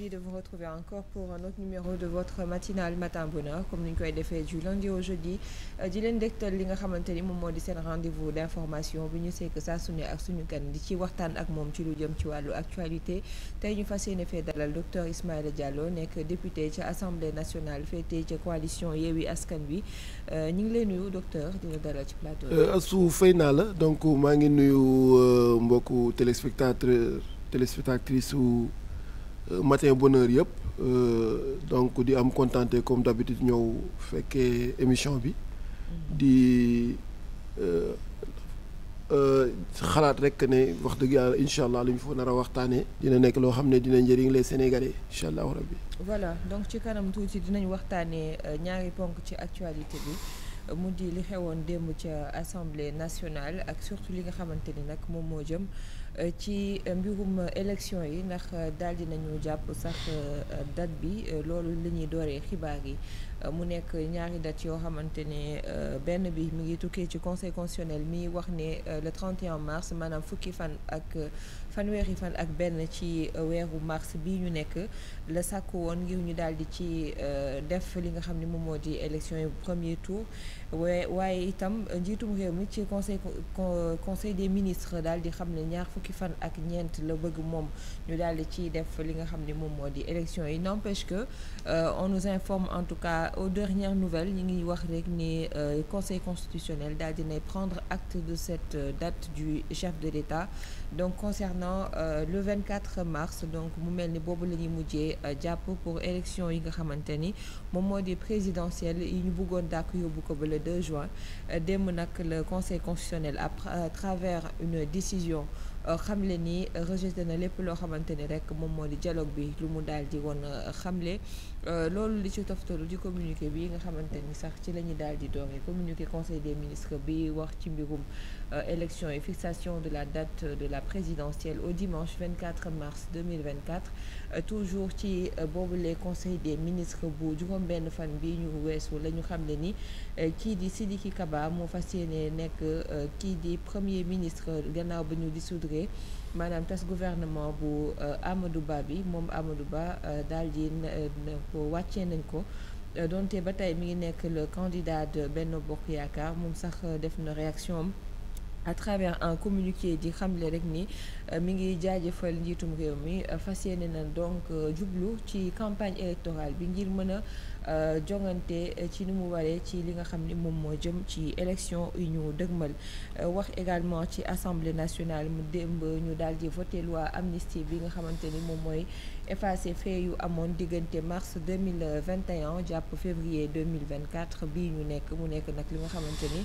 ravie de vous retrouver encore pour un autre numéro de votre matinale Matin comme ni ñu koy defee du lundi au jeudi euh, di leen dégtal li nga xamante ni moom moo di seen rendez-vous d'information bi ñu sekk su ne ak suñu gan di ci ak moom ci lu jëm ci wàllu actualité tey ñu fas yéene fee dalal docteur Ismaïla Diallo nekk député ca Assemblée nationale féetee ca coalition Yewwi Askan Wi euh, ñu ngi lay nuyu docteur di la dalal ci plateau euh, Astou fay naa la donc maa ngi nuyu mbokku téléspectateur téléspectatrice su Euh, matin bonheur yëpp euh, donc di am contenté comme d'habitude ñëw fekkee émission bi di euh, xalaat rek ne wax dëgg yàlla incha allah lu ñu fa nar a waxtaanee dina nekk loo xam ne dina njëriñ les sénégalais incha allahu rabbi. voilà donc ci kanam tuuti dinañ waxtaanee ñaari ponk ci actualité bi mu di li xewoon démb ca assemblée nationale ak surtout li nga xamante ni nag moom moo jëm. ci mbirum élection yi ndax daal di nañu jàpp sax euh, date bi euh, loolu la ñuy dooree xibaar yi euh, mu nekk ñaari date yoo xamante ne benn bi mu ngi tukkee ci conseil constitutionnel mi wax ne le 31 mars maanaam fukki fan ak fanweeri fan ak benn ci euh, weeru mars bi ñu nekk la sàkk woon ngir ñu daal di ci euh, def li nga xam ne moom moo di élection yi premier tour waaye itam njiitum réew mi ci conseil conseil des ministres daal di xam ne ñaar fukki fan ak ñeent la bëgg moom ñu daal di ci def li nga xam ni moom moo di élection yi n'empêche que euh, on nous informe en tout cas aux dernières nouvelles ñi ngi wax rek ni conseil constitutionnel daal dinay prendre acte de cette date du chef de l'État donc concernant maintenant euh, le 24 mars donc mu mel ni boobu la ñuy mujjee euh, jàpp pour élection yi nga xamante ni moom moo di présidentielle yi ñu bëggoon dàq yóbbu ko ba le 2 juin euh, démb nag le conseil constitutionnel à travers une décision xamle ni rejeté na lépp loo xamante ni rek moom moo di dialogue bi lu mu daal di woon xamle. Euh, loolu li ci toftalu di communiqué bi nga xamante ni sax ci la ñuy daal di dooree communiqué conseil des ministres bi wax ci mbirum euh, élection et fixation de la date de la présidentielle au dimanche 24 mars 2024 euh, toujours ci boobule conseil des ministre bu juróom-benn fan bi ñu weesu la ñu xam ne ni kii di Sidiki Kaba moo fas yéene nekk kii di premier ministre gannaaw ba ñu dissoudre maanaam tas gouvernement bu euh, Amadou Ba bi moom Amadou Ba euh, daal di euh, wàccee nañ ko donte ba tey mi ngi nekk le candidat de Benno Bokk Yaakaar moom sax def na réaction am à travers un communiqué di xamle rek ni mi ngi jaajëfal njiitum réew mi fas yéene na donc jublu ci campagne électorale bi ngir mën a. Euh, jongante euh, ci ni mu waree ci li nga xam ni moom moo jëm ci élection yu ñu dëgmal euh, wax également ci assemblée nationale mu démb ñu daal di voté loi amnistie bi nga xamante ni moom mooy effacer fait yu amoon diggante mars 2021 jàpp février 2024 bii ñu nekk mu nekk nag li nga xamante ni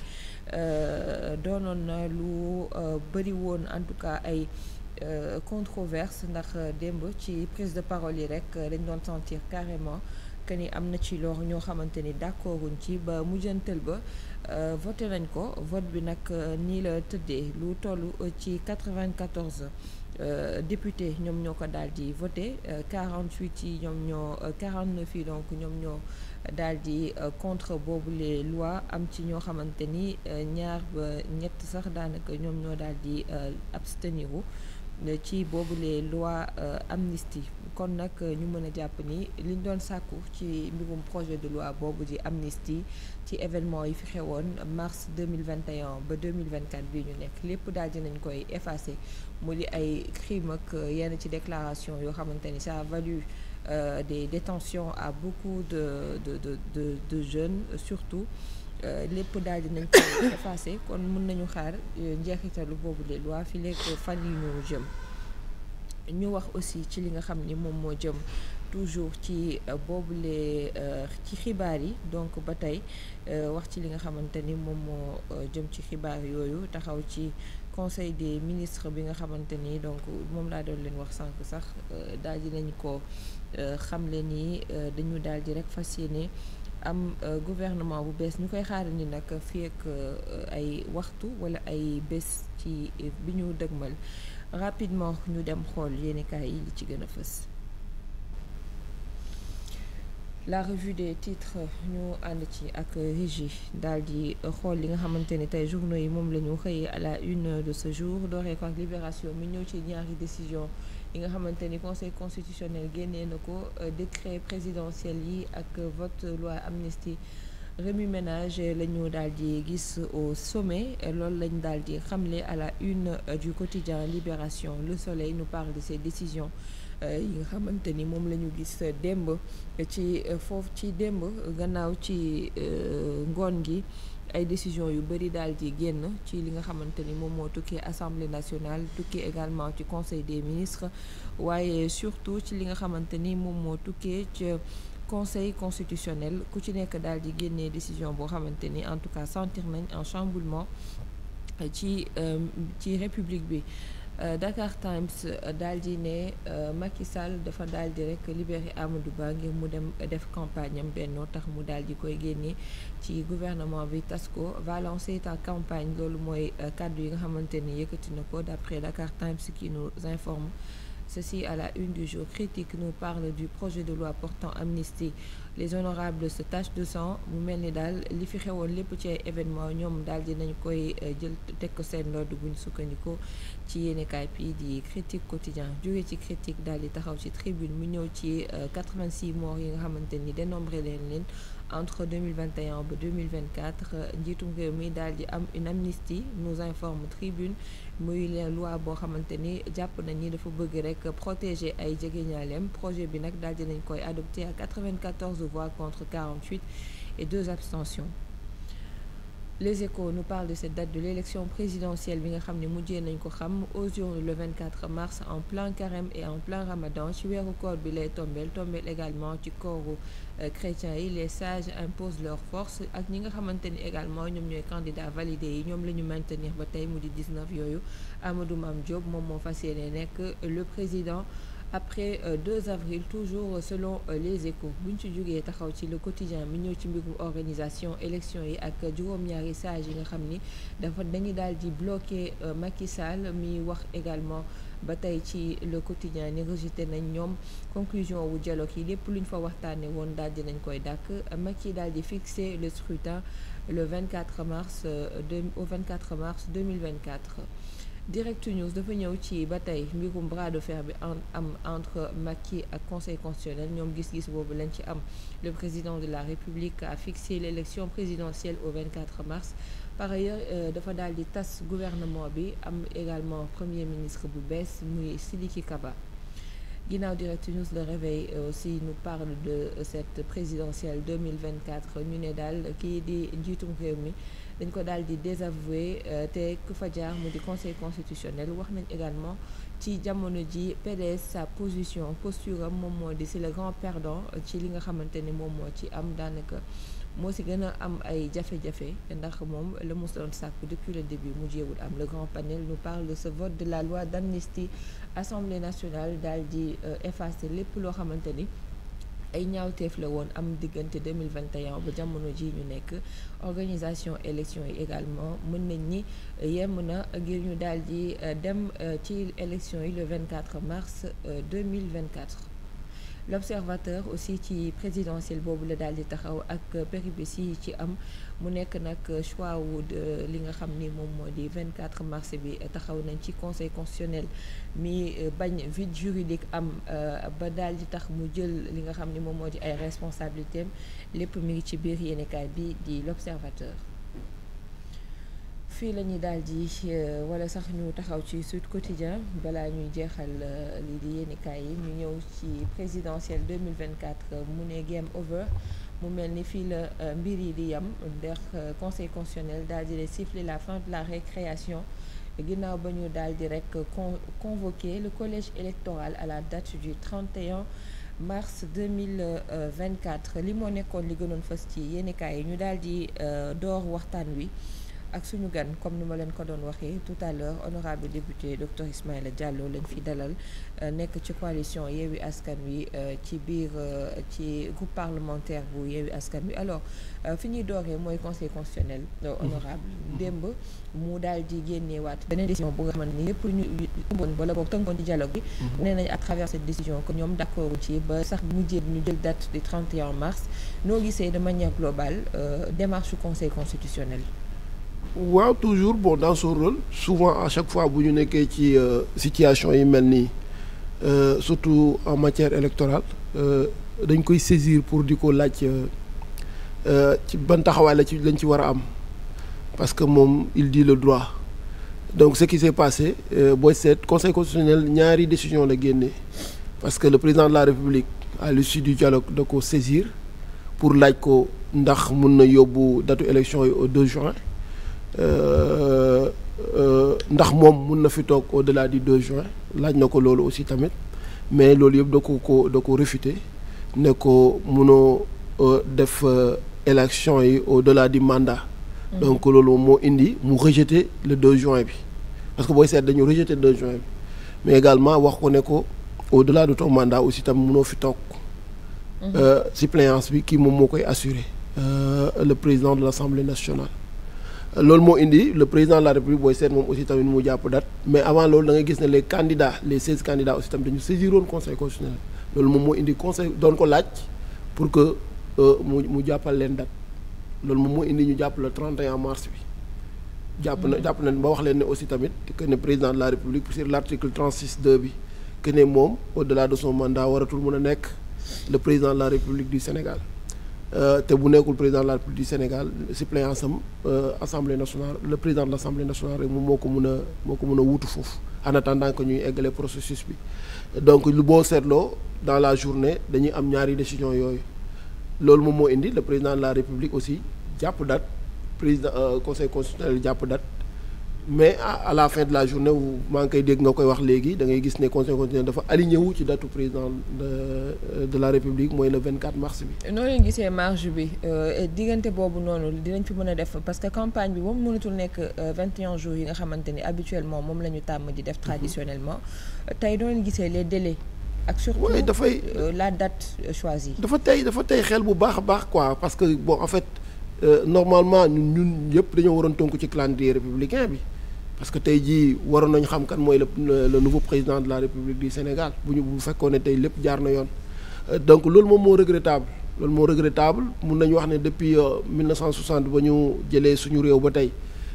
doonoon na lu bëri woon en tout cas ay controverse ndax démb ci prise de parole yi rek dañ doon sentir carrément que ni am na ci loor ñoo xamante ni d'accorduñ ci ba mujjantal ba euh, voté nañ ko vote bi nag euh, nii la tëddee lu toll euh, ci 94 député ñoom ñoo ko daal di voté 48 yi ñoom ñoo 49 yi donc ñoom ñoo daal di contre boobu les lois am ci ñoo xamante ni ñaar ba ñett sax daanaka ñoom ñoo daal di abstenir wu ci boobu les lois amnistie kon nag euh, ñu mën a jàpp ni li ñu doon sàkku ci mbirum projet de loi boobu di amnistie ci événement yi fi xewoon mars 2021 ba 2024 bi ñu nekk lépp daal nañ koy effacer mu di ay crime ak euh, yenn ci déclaration yoo xamante ni ça a valu euh, des détentions à beaucoup de de de de de jeunes surtout euh, lépp daal nañ koy effacer kon mën nañu xaar njeexitalu boobu les lois fi lekk fan yi ñu jëm ñu wax aussi ci li nga xam ni moom moo jëm toujours ci euh, boobule euh, ci xibaar yi donc ba tey euh, wax ci li nga xamante ni moom moo jëm ci xibaar yooyu taxaw ci conseil des ministre bi nga xamante ni donc moom laa doon leen wax sànq sax daal di nañ ko xamle ni dañu daal di rek fas yéene am gouvernement bu bees ñu koy xaar ni nag fii ak ay waxtu wala ay bés ci bi ñu dëgmal. rapidement ñu dem xool yéenekaay yi li ci gën a fës la revue des titres ñu ànd ci ak régie daal di xool li nga xamante ni tey journaux yi moom la ñu xëyee à la une de ce jour dooree ko libération mu ñëw ci ñaari décision yi nga xamante ni conseil constitutionnel génnee na ko euh, décret présidentiel yi ak vote loi amnistie remue ménage la ñu daal di gis au sommet loolu lañ daal di xamle à la une euh, du quotidien Libération Le Soleil nu parle de ces décisions euh, yi nga xamante ni moom la ñu gis démb ci euh, foofu ci démb gannaaw ci ngoon gi ay décision yu bëri daal di génn ci li nga xamante ni moom moo tukkee assemblée nationale tukkee également ci conseil des ministres waaye surtout ci li nga xamante ni moom moo tukkee ca conseil constitutionnel ku ci nekk daal di génnee décision boo xamante ni en tout cas sentir nañ un chamboulement ci euh, ci république bi euh, Dakar Times daal di ne euh, Macky Sall dafa daal di rek libéré Amadou Ba ngir mu dem def campagne am bennoo tax mu daal di koy génne ci gouvernement bi tas ko va lancer ta campagne loolu mooy kàddu yi nga xamante ni yëkkati na ko d'après Dakar Times qui nous informe Ceci à la une du jour. Critique nous parle du projet de loi portant amnistie les honorables se de sang mu mel ni daal li fi xewoon lépp ci événement ñoom daal nañu koy euh, jël teg ko seen ndodd bu sukkandiku ci yéenekaay bi di critique quotidien jóge ci critique daal di taxaw ci tribune mu ñëw ci 86 euh, morts yi nga xamante ni dénombré leen leen entre 2021 ba 2024 njiitum réew mi daal di am une amnistie nous informe Tribune muy la loi boo xamante ni jàpp nañ ni dafa bëgg rek protéger ay jegeñaaleem projet bi nag daal di nañ koy adopté à 94 voix contre 48 et deux abstentions. Les Échos nous parlent de cette date de l'élection présidentielle bi nga xam ne mujjee nañ ko xam au urnes le 24 mars en plein carême et en plein ramadan ci weeru koor bi lay tombeel tombeel également ci kooru Euh, chrétiens yi les sages imposent leur force ak ñi nga xamante ni également ñoom ñooy candidats validés yi ñoom la ñu maintenir ba tey mu di 19 yooyu Amadou Mame Diop moom moo fas yéene nekk le président après 2 euh, avril toujours selon euh, les échos bu ci jógee taxaw ci le quotidien mi ñëw ci mbirum organisation élection yi ak juróom-ñaari sages yi nga xam ni dafa dañu daal di bloqué Macky Sall mi wax également ba tey ci le quotidien ni rejeté nañ ñoom conclusion wu dialogue yi lépp lu ñu fa waxtaanee woon daal di nañ koy dàkk Macky daal di fixé le scrutin le 24 mars euh, de au 24 mars 2024. Direct News dafa ñëw ci ba tey mbirum bras de bi en am entre Macky ak conseil constitutionnel ñoom gis-gis boobu lañ ci am le président de la République a fixé l'élection présidentielle au 24 mars. par ailleurs euh, dafa daal di tas gouvernement bi am également premier ministre bu bees muy Sidiki Kaba ginnaaw direct news le réveil euh, aussi nous parle de euh, cette présidentielle 2024 ñu ne daal kii di njiitum réew mi dañ ko daal di désavoué te ku fa jaar mu di conseil constitutionnel wax nañ également ci jamono ji PDS sa position posture moom moo di c'est le grand perdant ci li nga xamante ni moom moo ci am daanaka moo si gën a am ay jafe-jafe ndax moom la mu doon sàkk depuis le début mu jéewul am le grand panel nous parle de vote de la loi d'amnistie assemblée nationale daal di euh, effacer lépp loo xamante ni ay ñaawteef la woon am diggante 2021 ba jamono ji ñu nekk organisation élection yi également mën nañ ni yemm na ngir ñu daal di euh, dem euh, ci élection yi le 24 mars 2024 l'observateur aussi ci présidentiel boobu la daal di taxaw ak péripéties yi ci am mu nekk nag choix wu li nga xam ni moom moo di 24 mars bi taxaw nañ ci conseil constitutionnel mi bañ vide juridique am euh, ba daal di tax mu jël li nga xam ni moom moo di ay responsabilités lépp mi ngi ci biir yéenekaay bi di l'observateur fii la ñuy daal di euh, wala sax ñu taxaw ci Sud Quotidien balaa ñuy jeexal euh, lii di yéenekaay yi ñu ñëw ci présidentielle 2024 euh, mu ne game over mu mel ni fii la mbir yi di yem ndax conseil constitutionnel daal di siffler la fin de la récréation ginnaaw ba ñu daal di rek convoquer le collège électoral à la date du 31 mars 2024 li moo nekkoon li gënoon fës ci yéenekaay yi ñu daal di door waxtaan wi. ak suñu gan comme nu ma leen ko doon waxee tout à l'heure honorable député docteur Ismaïla jàlloo lañ fi dalal euh, nekk ci coalition Yewwi Askan Wi euh, ci biir euh, ci groupe parlementaire bu Yewwi Askan Wi alors fi ñuy dooree mooy conseil constitutionnel mm-hmm. honorable démb mu daal di génneewaat beneen décision bu nga xamante ni lépp lu ñu tënkoon wala boog tënkoon ci dialogue bi mm-hmm. nee nañ à travers cette décision que ñoom d'accord ci ba sax mujjee ñu jël date du 31 mars noo gisee de manière globale démarche du conseil constitutionnel waaw toujours bon dans son rôle souvent à chaque fois bu ñu nekkee ci euh, situation yi mel nii euh, surtout en matière électorale euh, dañ koy saisir pour di ko laaj ci ban taxawaay la ci lañ ci war a am parce que moom il dit le droit donc ce qui s'est passé booy seet conseil constitutionnel ñaari décision la génne parce que le président de la république à l'issue du dialogue da ko saisir pour laaj ko ndax mun na yóbbu datu élection yi au 2 juin Euh, euh, ndax moom mun na fi toog au delà du 2 juin laaj na ko loolu aussi tamit mais loolu yëpp da ko ko da ko réfuté ne ko munoo euh, def élection yi au delà du mandat. Mm-hmm. donc loolu moo indi mu rejeté le 2 juin bi parce que booy seet dañu rejeté 2 juin bi mais également wax ko ne ko au delà de ton mandat aussi tam munoo fi toog. Mm-hmm. suppléance bi kii moom moo koy assuré. le président de l'Assemblée nationale. loolu moo indi le président de la république booy seet moom aussi tamit mu jàpp date mais avant loolu da ngay gis ne le candidats les seize candidats aussi tamit dañu saisiroon conseil constitutionnel loolu moom moo indi conseil doon ko laaj pour que euh, mu mu jàppal leen date loolu moom moo indi ñu jàpp le en mars bi. jàpp na jàpp na ba wax leen ne aussi tamit que ne président de la république sur l' article 36 2 bi que ne moom au delà de son mandat waratul mën a nekk le président la république du Sénégal. Euh, te bu nekkul président la République du Sénégal suppléant sam euh, assemblée nationale le président de l' assemblée nationale rek moom moo ko mun a moo ko mun a wutu foofu en attendant ñuy eggale processus bi donc lu boo seetloo dans la journée dañuy am ñaari décision yooyu loolu moom moo indi le président la République aussi jàpp date président euh, conseil constitutionnel jàpp date mais à la fin de la journée wu maa ngi koy dégg nga koy wax léegi dangay gis ne conseil constitutionnel dafa aligné wu ci datu président de euh, de la république mooy le 24 mars bi. noo leen gisee marge bi euh, diggante boobu noonu dinañ fi mën a def parce que campagne bi moom mënatul nekk 21 euh, jours yi nga xamante ni habituellement moom la ñu tàmm di def traditionnellement mm-hmm. tey noo gisee les délais. ak surtout dafay la date choisie. dafa tey dafa tey xel bu baax a baax quoi parce que bon en fait euh, normalement ñun ñun yëpp dañoo waroon tënku ci calendrier républicain bi. parce que tey jii waroon nañu xam kan mooy le nouveau président de la république du Sénégal bu ñu bu fekkoon ne tey lépp jaar na yoon euh, donc loolu moom moo regrettable loolu moo regrettable mun nañu wax ne depuis 1960 euh, ba ñu jëlee suñu réew ba tey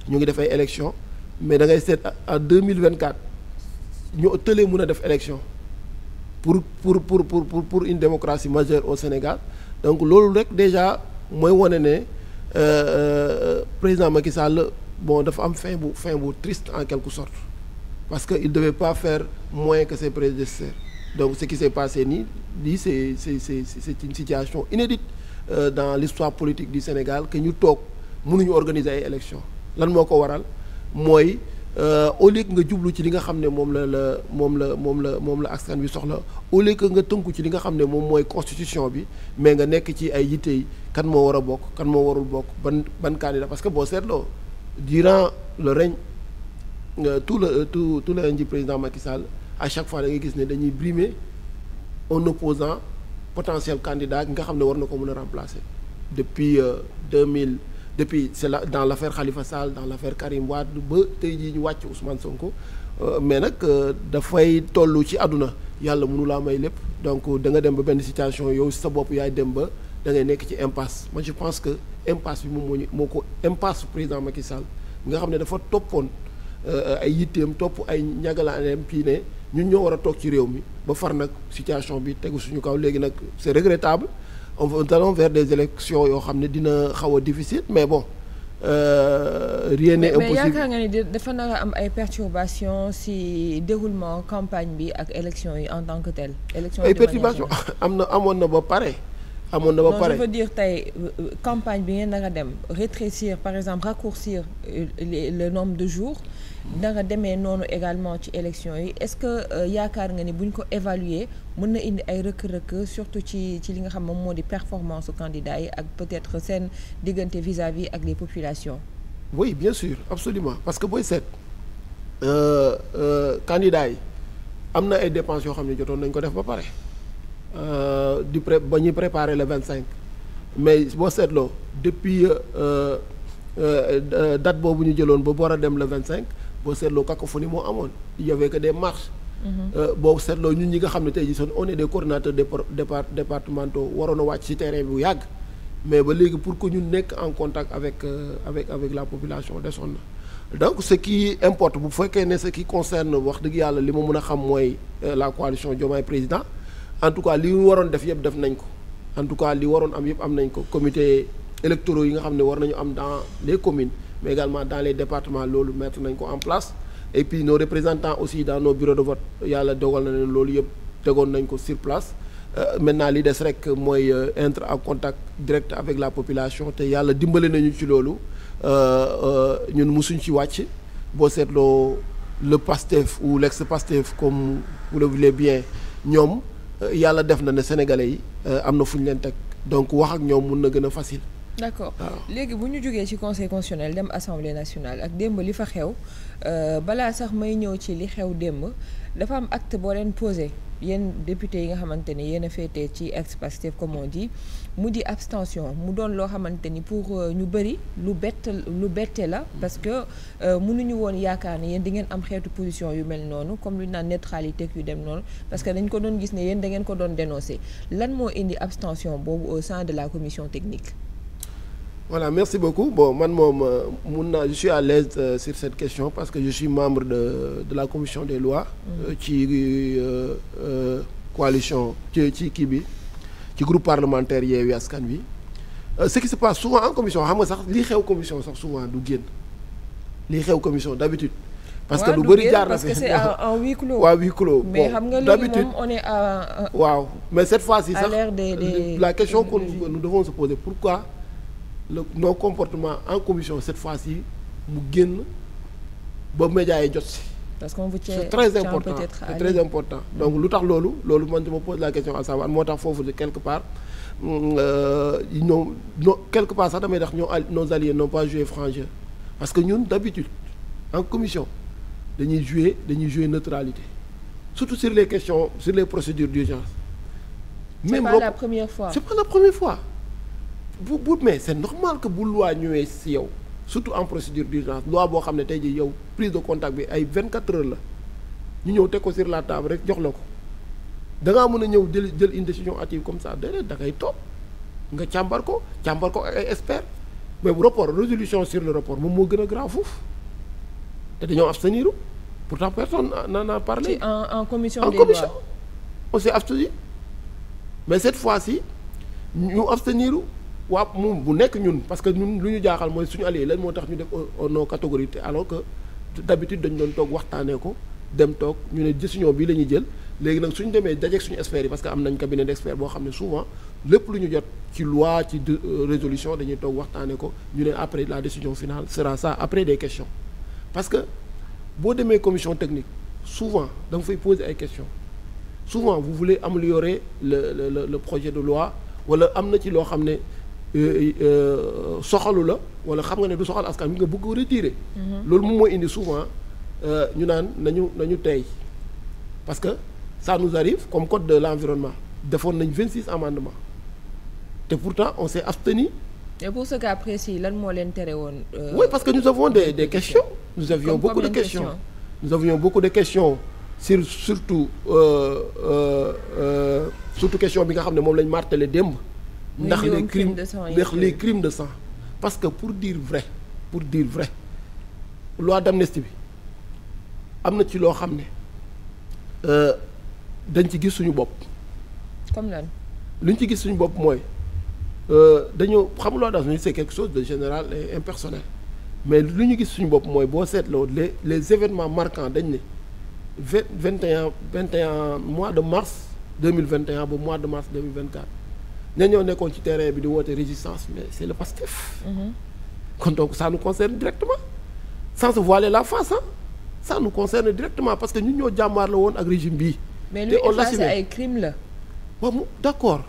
ñu ngi def ay élection mais da ngay seet en 2024 ñu tëlee mun a def élection pour pour pour pour pour une démocratie majeure au Sénégal donc loolu rek déjà mooy wane ne euh, président Macky Sall. bon dafa am fin bu fin bu triste en quelque sorte parce que il devait pas faire moins que ses prédécesseurs donc ce qui s'est passé nii lii c'est c'est c'est c'est une situation inédite euh, dans l'histoire politique du Sénégal que ñu toog mënuñu organiser ay élections lan moo ko waral mooy euh, au lieu que nga jublu ci li nga xam ne moom la la moom la moom la moom la askan bi soxla au lieu que nga tënku ci li nga xam ne moom mooy constitution bi mais nga nekk ci ay yitte yi kan moo war a bokk kan moo warul bokk ban ban candidat parce que boo seetloo durant le règne euh, tout le euh, tout tout le règne du président Macky Sall à chaque fois da ngay gis ne dañuy brimer un opposant potentiel candidat nga xam ne war na ko mën a remplacer depuis euh, deux mille depuis c'est là dans l'affaire Khalifa Sall dans l'affaire Karim Wade ba tey jii ñu wàcc Ousmane Sonko mais nag dafay toll ci àdduna yàlla mënu laa may lépp donc da nga dem ba benn situation yow sa bopp yaay dem ba da nekk ci impasse man je pense que impasse bi moom moo ñu moo ko impasse président Macky Sall nga xam ne dafa toppoon euh, ay yitteem topp ay ñagalaaneem kii ne ñun ñoo war a toog ci réew mi ba far nag situation bi tegu suñu kaw léegi nag c'est regrettable on va allons vers des élections yoo xam ne dina xaw a difficile mais bon. Euh, rien n'est impossible mais yaakaar nga ni dafa nar a am ay perturbations ci déroulement campagne bi ak élection yi en tant que telle. élection ay perturbations am na amoon na ba pare. amoon na ba pare je veux tey euh, euh, campagne bi ngeen naka dem rétrécir par exemple raccourcir euh, le nombre de jours danga demee noonu également ci élection yi est-ce que yaakaar nga ni buñ ko évaluer mën na indi ay rëkk-rëkk surtout ci ci li nga xam moom moo di performance su candidats yi ak peut-être seen diggante vis-à-vis ak les populations oui bien sûr absolument parce que booy seet candidats yi am na ay dépenses yoo xam ne jotoon nañ ko def ba pare Euh, di pré ba ñuy préparer le vingt cinq mais boo seetloo depuis euh, euh, date boobu ñu jëloon ba war a dem le vingt cinq boo seetloo cacophonie moo amoon il y avait que des marches. Mm-hmm. boo seetloo ñun ñi nga xam ne tey ji soon on est des coordonnateurs départ départementaux waroon a wàcc ci terrain bu yàgg mais ba léegi pour que ñu nekk en contact avec avec avec la population desoon na donc ce qui importe bu fekkee ne ce qui concerne wax dëgg yàlla li ma mun a xam mooy la coalition Diomaye président en tout cas li ñu waroon def yëpp def nañ ko en tout cas li waroon am yëpp am nañ ko comité électoraux yi nga xam ne war nañu am dans les communes mais également dans les départements loolu mettre nañ ko en place et puis nos représentant aussi dans nos bureaux de vote yàlla dogal na leen loolu yëpp tegoon nañ ko sur place euh, maintenant li des rek mooy entre euh, en contact direct avec la population te yàlla dimbale nañu ci loolu euh, ñun musuñ ci wàcc boo seetloo le PASTEF ou l'ex-PASTEF comme vous le bien ñoom yàlla def na ne sénégalais yi euh, am na fu ñu leen teg donc wax ak ñoom mun na gën a fasil d' accord léegi bu ñu jógee ci conseil constitutionnel dem assemblée nationale ak démb li fa xew euh, balaa sax may ñëw ci li xew démb dafa am acte boo leen posé. yéen député yi nga xamante ne yéen a féetee ci ex Pastef comme mu di abstention mu doon loo xamante ni pour euh, ñu bëri lu bett lu bette la parce que euh, mënuñu woon yaakaar ne yéen di ngeen am xeetu position yu mel noonu comme lu naan neutralité yu dem noonu parce que dañ ko doon gis ne yéen da ngeen ko doon dénoncer lan moo indi abstention boobu au sein de la commission technique voilà merci beaucoup bon man moom euh, mun naa je suis à l'aise euh, sur cette question parce que je suis membre de de la commission des lois. ci mm. euh, euh, coalition ci ci kii bi ci groupe parlementaire Yewwi Askan Wi ce qui se passe souvent en commission xam nga sax li xew commission sax souvent du génn lii xew commission d'habitude parce que lu bëri jaar na fi parce que waaw mais xam nga on est à. waaw mais cette fois-ci sax. à la question que nous devons se pourquoi. le nos comportements en commission cette fois-ci mu génn ba médias yi jot si. parce qu'on très important c'est très important donc lu tax loolu loolu man dama pose la question à savoir moo tax foofu de quelque part mm, euh, no non quelque part sax damay tax ñoo nos no n'ont pas joué franc parce que ñun d'habitude en commission dañuy jouer dañuy jouer neutralité surtout sur les questions sur les procédures d'urgence. même c'est pas la première fois la première fois. bu bu mais ndox normal que bu loi ñëwee si yow surtout en procédure d'urgence loi boo xam ne tey jii yow prise de contact bi ay 24 heures la ñu ñëw teg ko sur la table rek jox la ko da mën a ñëw jël jël une décision hâtive comme ça déedéet da ngay toog nga càmbar ko càmbar ko ak ay experts mais bu rapport résolution sur le rapport moom moo gën a grave foofu te dañoo abstenir pourtant personne n'en a parlé. ci en en commission des lois en commission on s'est mais cette fois-ci ñu abstenir. waaw moom bu nekk ñun parce que ñun lu ñu jaaxal mooy suñu allié lan moo tax ñu def non catégorie alors que d'habitude dañ doon toog waxtaanee ko dem toog ñu ne décision bii la ñuy jël léegi nag suñu demee dajeeg suñu experts parce que am nañ cabinet d'experts boo xam ne souvent lépp lu ñu jot ci loi ci euh, résolution dañuy toog waxtaanee ko ñu ne après la décision finale sera ça après des questions parce que boo demee commission technique souvent danga fay poser ay questions souvent vous voulez améliorer le le le projet de loi wala am na ci loo xam ne Euh, euh, soxalu la wala xam nga ne du soxal askan bi nga bëgg ko mhm. loolu moom moo indi souvent euh, ñu naan nañu nañu tey parce que ça nous arrive comme code de l'environnement defoon nañ 26 amendements te pourtant on s'est abstenu. et pour ce cas précis lan moo leen tere woon. oui parce que nous avons des des question nous avions comme beaucoup de questions. questions nous avions beaucoup de questions surtout question bi nga xam ne moom lañ martelé démb. ndax les crimes ndax les crimes de sang parce que pour dire vrai pour dire vrai loi d'amnistie bi am na ci loo xam ne euh, dañ ci gis suñu bopp. comme lan. lu ñu ci gis suñu bopp mooy euh, dañu xam loi d'amnistie c'est quelque chose de général et impersonnel mais lu ñu gis suñu bopp mooy boo seetloo le les événements marquants dañ ne vingt vingt et un vingt et un mois de mars deux mois de mars ña ñoo nekkoon ci terrain bi di woote résistance mais c'est le Pastef mhm. kon donc ça nous concerne directement sans se voiler la face ah ça nous concerne directement parce que ñu ñoo jàmmaar la woon ak régime bi mais on l'assume ay crime la waaw mu d'accord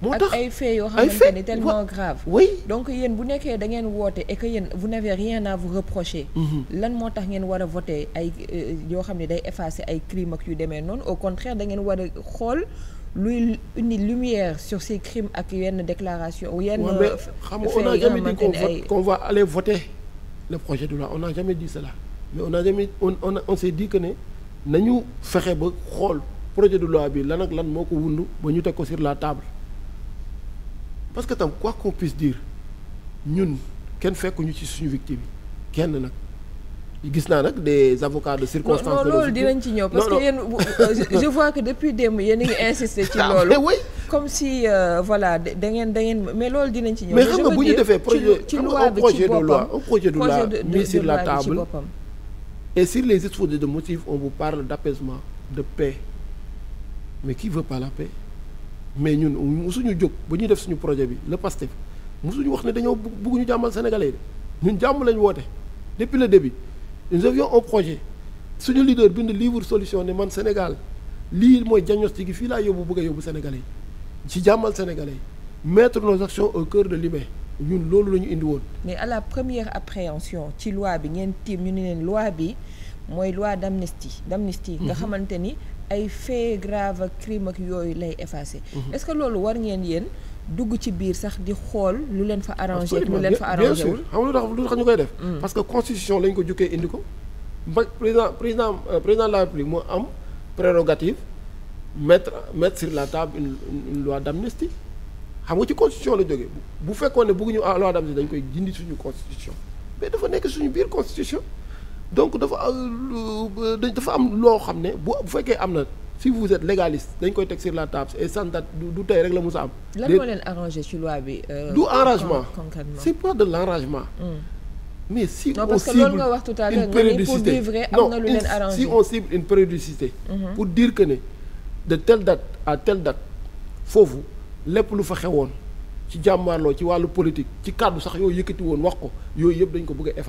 moo tax ay faits yoo xamante ni tellement grave oui donc yéen bu nekkee da ngeen woote et que yéen vous n'avez rien à vous reprocher mhm. lan moo tax ngeen war a voter ay euh, yoo xam ne day effacer ay crime ak yu demee noonu au contraire da ngeen war a xool luy indi lumière sur ces crimes ak yenn déclaration ou yenn xam nga on n'a jamais dit qu'on vote qu'on va aller le projet de loi on a jamais di cela mais on n'a jamais on on, on s'est que ne nañu fexe ba xool projet de loi bi lan ak lan moo ko wund ba ñu teg ko sur la table parce que tam quoi qu'on puisse dire ñun kenn fekkuñu ci suñu victime yi kenn nag gis naa nag des avocats de circonstance. non loolu dinañ ci ñëw parce que yéen euh, je vois que depuis démb yéen a ngi insister ci ah, loolu. comme si euh, voilà da ngeen da ngeen mais loolu dinañ ci ñëw. mais xam nga bu ñu defee projet ci loi bi ci boppam projet de loi mis la table et sur les exposés de motifs on vous parle d'apaisement de paix mais qui veut pas la paix mais ñun suñu jóg ba ñu def suñu projet bi le Pastef musuñu wax ne dañoo bëgg jàmmal sénégalais ñun jàmm lañ woote depuis le début. nous avions un projet suñu leader bind livre solution ne man Sénégal lii mooy diagnostic gi fii laa yóbbu bëgg a yóbbu Sénégalais ci jàmmal Sénégalais yi mettre nos au cœur de l'humain ñun loolu la ñu indi woon. mais à la première appréhension ci loi bi ngeen tiim ñu ne leen loi bi mooy loi d'amnistie d'amnistie mhm. nga xamante ni ay faits graves ak crimes ak yooyu lay effacer. Mhm. est que loolu war ngeen yéen. dugg ci biir sax di xool lu leen fa arrangé lu leen fa arrangé wul xam nga lu tax ñu koy def mm. parce que constitution lañ ko jukkee indi ko ba président président euh, la république moo am prérogative mettre mettre sur la table une, une loi d'amnistie xam nga ci constitution la jóge bu fekkoon ne bëgguñu ah, loi d'amnistie dañ koy jindi suñu constitution mais dafa nekk suñu biir constitution donc dafa euh, euh, dafa am loo xam ne bu bu fekkee am na si vous êtes légaliste dañ koy teg sur la table et ça date du tey rek la musa am. lan moo leen arrangé ci loi bi. Euh, du enragement c'est pas de l'enragement. Hmm. mais si non, on cible une périodicité non une, si une périodicité. Mm -hmm. pour dire que ne de telle date à telle date foofu lépp lu fa xewoon ci jàmmaarloo ci wàllu politique ci kàddu sax yooyu yëkkati woon wax ko yooyu yëpp dañ ko bëgg a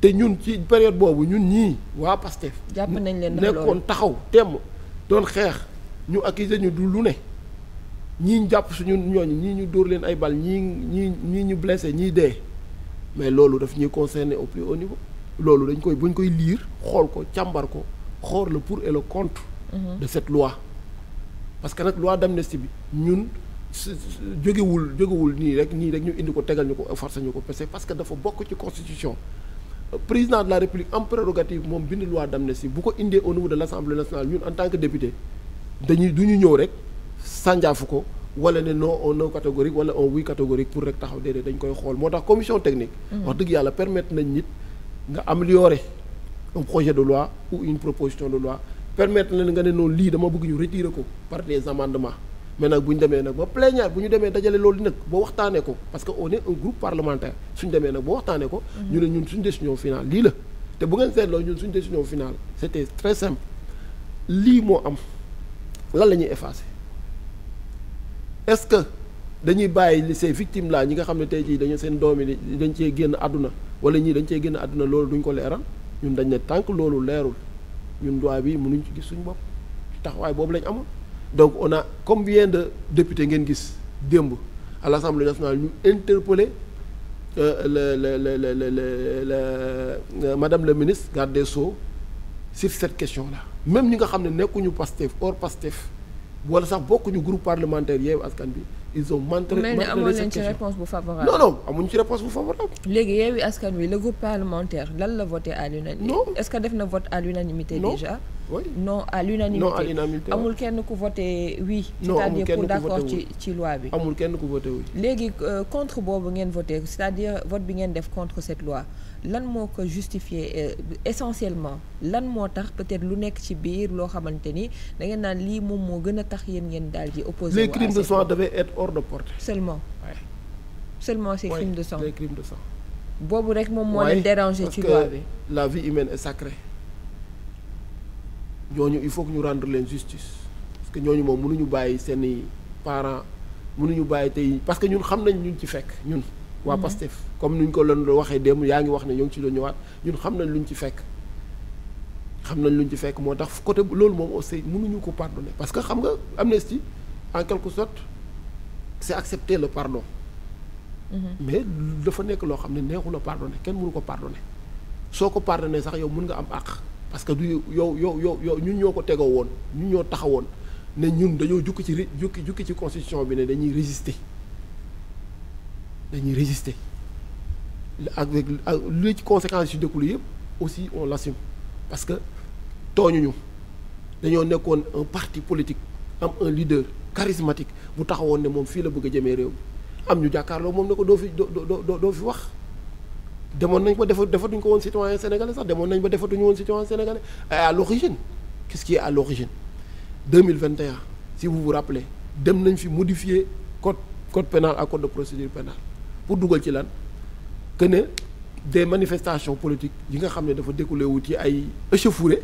te ñun ci période boobu ñun ñii waa Pastef. jàpp nañ leen nekkoon taxaw temm doon xeex ñu accusé ñu du lu ne ñii ñu jàpp suñu ñooñu ñii ñu dóor leen ay bal ñii ñii ñii ñu blessé ñii dee mais loolu daf ñuy concerné au plus au niveau. loolu dañ koy buñ koy liir xool ko càmbar ko xool la pour et le contre. Mhm. de cette loi. parce que nag loi d'amnistie bi ñun jógewul jógewul nii rek nii rek ñu indi ko tegal ñu ko forcé ñu ko parce que dafa bokk ci constitution. président de la république am prérogative moom bind loi si bu ko indee au niveau de l'assemblée nationale ñun en tant que député dañuy du ñu ñëw rek sànjaafu ko wala ne noo un non catégorique wala un oui catégorique pour rek taxaw déedéet dañu koy xool moo tax commission technique. Mm-hmm. wax dëgg yàlla permettre nañ nit nga am améliorer un projet de loi ou une proposition de loi permettre nañ nga ne noonu lii dama bëgg ñu retirer ko par des amendements. mais nag bu ñu demee nag ba plénière bu ñu demee dajale loolu nag ba waxtaanee ko parce que on est un groupe parlementaire suñu demee nag ba waxtaanee ko. Mm-hmm. ñu ne ñun suñu décision finale lii la. te bu ngeen seetloo ñun suñu décision finale c'était très simple lii moo am lan la ñuy effacer est-ce que dañuy bàyyi ces victimes là ñi nga xam ne tey jii dañu seen doom yi dañ cee génn àdduna wala ñii dañ cee génn àdduna loolu duñ ko leeral ñun dañ ne tant loolu leerul ñun droit bi mënuñ ci gis suñu bopp taxawaay boobu lañ amoon. donc on a bien de député ngeen gis démb à l'Assemblée nationale ñu interpellé euh, le le le le le euh, madame le ministre garde des Sceaux sur cette question là même ñi nga xam ne nekkuñu Pastef hors Pastef wala sax bokkuñu groupe parlementaire Yewwi Askan Wi ils ont mentionné cette question amoon nañ ci réponse bu favorable non non amuñu ci réponse bu favorable léegi Yewwi Askan Wi le groupe parlementaire lan la voté à l'unanimité non ce que def na vote à l'unanimité déjà oui non à l'unanimité non à amul kenn ku voté oui. c'est-à-dire pour d'accord ci ci loi bi. amul kenn ko voté oui. léegi euh, contre boobu ngeen voté c'est-à-dire vote bi ngeen def contre cette loi lan moo ko justifié euh, essentiellement lan moo tax peut-être lu nekk ci biir loo xamante ni da ngeen naan lii moom moo gën a tax yéen ngeen daal di. opposé les crimes de sang devaient être hors de portée. seulement seulement ces crimes de sang. les crimes de boobu rek moom moo leen déranger ci loi bi. la vie humaine est sacrée. ñooñu il faut ñu rendre leen justice parce que ñooñu moom munuñu bàyyi seen parent parents mënuñu bàyyi tey parce que ñun xam nañ ñun ci fekk ñun. waa mm-hmm. Pastef comme ni ñu ko doon waxee démb yaa ngi wax ne ñoo ngi ci doon waat ñun xam nañ luñ ci fekk. xam nañ luñ ci fekk moo tax côté loolu moom aussi munuñu ko pardonner parce que xam nga amnistie en quelque sorte c'est accepter le mm-hmm. mais dafa nekk loo xam ne neexul a kenn mënu ko pardonner. soo ko pardonner sax yow mun nga am àq. parce que du yow yow yow yow ñun ñoo ko tegoo woon ñun ñoo taxawoon ne ñun dañoo jukki ci jukki jukki ci constitution bi ne dañuy résister dañuy résister ak ak lu ci conséquence yu découlé yëpp aussi on l'assume parce que ñu dañoo nekkoon parti politique am un leader charismatique bu taxawoon ne moom fii la bëgg a jëmee réew am ñu jàkkaarloo moom ne ko doo fi doo doo doo fi wax. demoon nañ ba defa defatuñ ko woon citoyen sénégalais sax demoon nañ ba defatuñu woon citoyen sénégalais et à l'origine quest ci qui est à l'origine 2021 si vous vous rappelez dem nañ fi modifier code code pénal ak code de procédure pénale pour dugal ci lan que ne des manifestations politiques yi nga xam ne dafa découlé wut ci ay échauffourées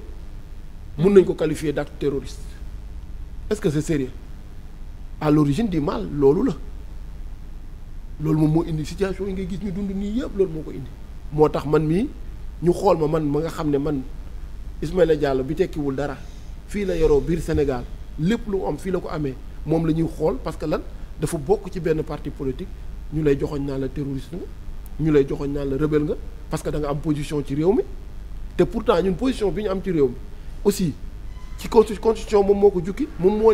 mun nañ ko qualifier d'acte terroriste est-ce que c'est sérieux à l'origine du loolu la loolu moom moo indi situation yi ngay gis ñu dund nii yëpp loolu moo ko indi moo tax man mii ñu xool ma man ma nga xam ne man Ismaïla Diallo bi tekkiwul dara fii la yoroo biir Sénégal lépp lu am fii la ko amee moom la ñuy xool parce que lan dafa bokk ci benn parti politique ñu lay joxoñ naa la terroriste nga ñu lay joxoñ naan la rebelle nga parce que da am position ci réew mi te pourtant ñun position bi ñu am ci réew mi aussi ci constitution moom moo ko jukki moom moo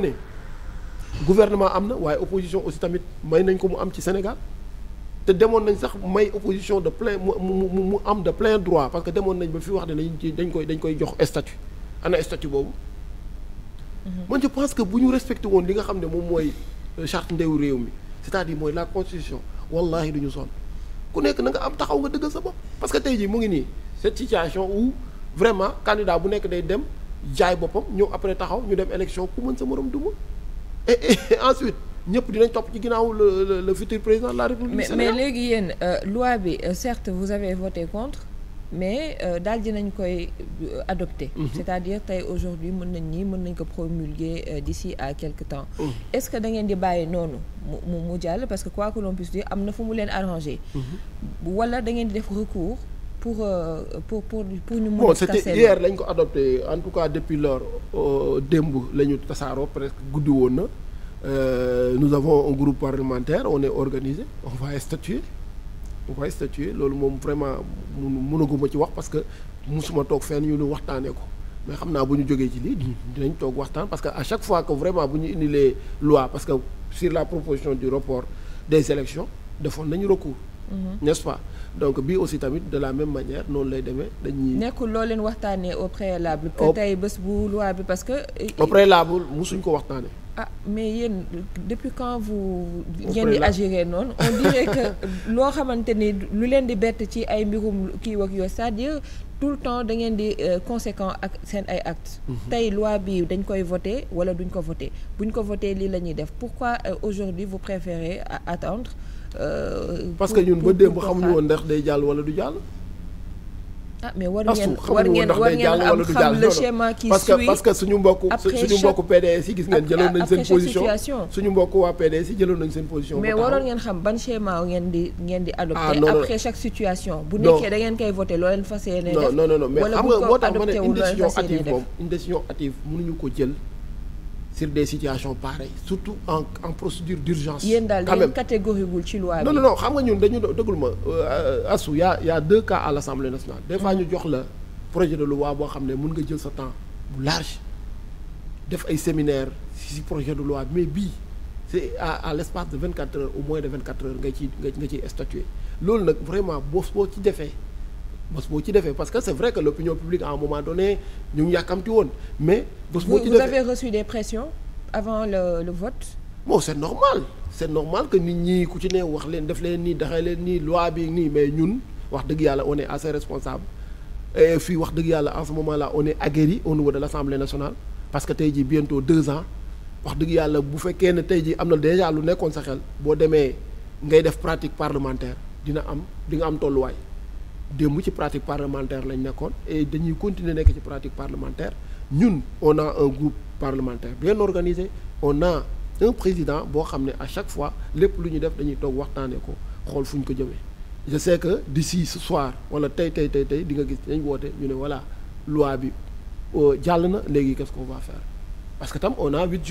gouvernement am na waaye opposition aussi tamit may nañ ko mu am ci Sénégal te demoon nañ sax may opposition de plein mu mu mu mu am de plein droit parce que demoon nañ ba fi wax ne dañ dañ koy dañ koy jox statut ana statut boobu. Mhm. man je pense bu ñu respecté woon li nga xam ne moom mooy euh, charte ndewu réew mi c'est-à-dire mooy la constitution wallahi du ñu sonn ku nekk na nga am taxaw nga dëggal sa bopp. parce que tey jii mu ngi nii cette situation où vraiment candidat bu nekk day dem jaay boppam ñëw après taxaw ñu dem élection ku mën sa morom duma et ensuite ñëpp dinañ topp ci ginnaaw le le le futur président de la république. mais mais léegi yéen euh, loi bi euh, certes vous avez voté contre. mais euh, daal nañ koy adopté mm-hmm. c'est-à-dire tey aujourd'hui mën nañ ni mën nañ ko promulguer d'ici à quelque temps mm-hmm. est-ce que da ngeen di bàyyi noonu mu mu jàll parce que quoi que l'on puisse dire am na fu mu leen arrangé mm-hmm. wala da ngeen di def recours pour euh, pour pour pour ñu. bon c'était hier lañ ko adopté en tout cas depuis lors euh, démb la ñu tasaaroo presque guddi woon na euh, nous avons un groupe parlementaire on est organisé on va statuer on va statuer loolu moom vraiment mënaguma ci wax parce que musuma toog fenn ñu nu waxtaanee ko mais xam naa bu ñu jógee ci lii dinañ toog waxtaan parce que à chaque fois ko vraiment bu ñu indilee loi parce que sur la proposition du report des élections defoon nañu recours. Mm-hmm. n'est-ce pas donc bii aussi tamit de la même manière noonu lay demee dañuy. nekkul loo leen waxtaanee au préalable. que tey bés bu loi bi parce que. au préalable musuñ ko waxtaanee. ah mais yéen depuis quand vous. ngeen di agiré noonu on dirait que loo xamante ni lu leen di bett ci ay mbirum kii wak yooyu cest à tout le temps da ngeen di euh, conséquent ak seen ay actes. Mm-hmm. tey loi bi dañ koy voté wala duñ ko voté buñ ko voté lii la ñuy def pourquoi euh, aujourd'hui vous préférez attendre. Euh, parce que ñun ba démb xamuñu woon ndax day jàll wala du jàll. ah mais war ngeen war ngeen war xam que parce que suñu mbokku suñu gis ngeen jëloon nañ seen suñu mbokku waa PDS yi jëloon nañ seen position mais ban schéma ngeen di ngeen ah, après chaque situation bu nekkee da ngeen koy voté loo leen fas yéene def non non non mais xam ko jël sur des situations pareilles surtout en en procédure d'urgence yéen daal da ngeen catégorie wul ci loi bi non non non xam nga ñun dañu dëggul ma euh, asu y a y a deux cas à l'Assemblée nationale des fois ñu jox la projet de loi boo xam ne mën nga jël sa temps bu large def ay séminaire ci projet de loi mais bii c'est à à l'espace de vingt quatre heures au moins de vingt quatre heures nga ciy nga ci statuer loolu nag vraiment boo boo ci defee bés boo ci defee parce que c'est vrai que l'opinion publique à un moment donné ñu ngi yàkkamti woon mais. bés boo ci defee vous avez reçu des pressions avant le le vote. bon nit ñi ku wax leen def leen nii daxee leen nii loi bi nii mais ñun wax dëgg yàlla on est assez responsable et fii wax dëgg yàlla en ce moment là on est aguerri au niveau de l'Assemblée nationale parce que tey jii bientôt deux ans wax dëgg yàlla bu fekkee ne tey jii am na déjà lu nekkoon sa xel boo demee ngay def pratique parlementaire dina am di nga am tolluwaay. démb ci pratique parlementaire lañ nekkoon et dañuy continuer nekk ci pratique parlementaire ñun on a un groupe parlementaire bien organisé on a un président boo xam ne à chaque fois lépp lu ñu def dañuy toog waxtaanee ko xool fu ñu ko jëmee je sais que d'ici ce soir wala tey tey tey tey di nga gis dañ woote ñu ne voilà loi bi euh, jàll na léegi qu'est-ce qu'on va faire parce que tam on a huit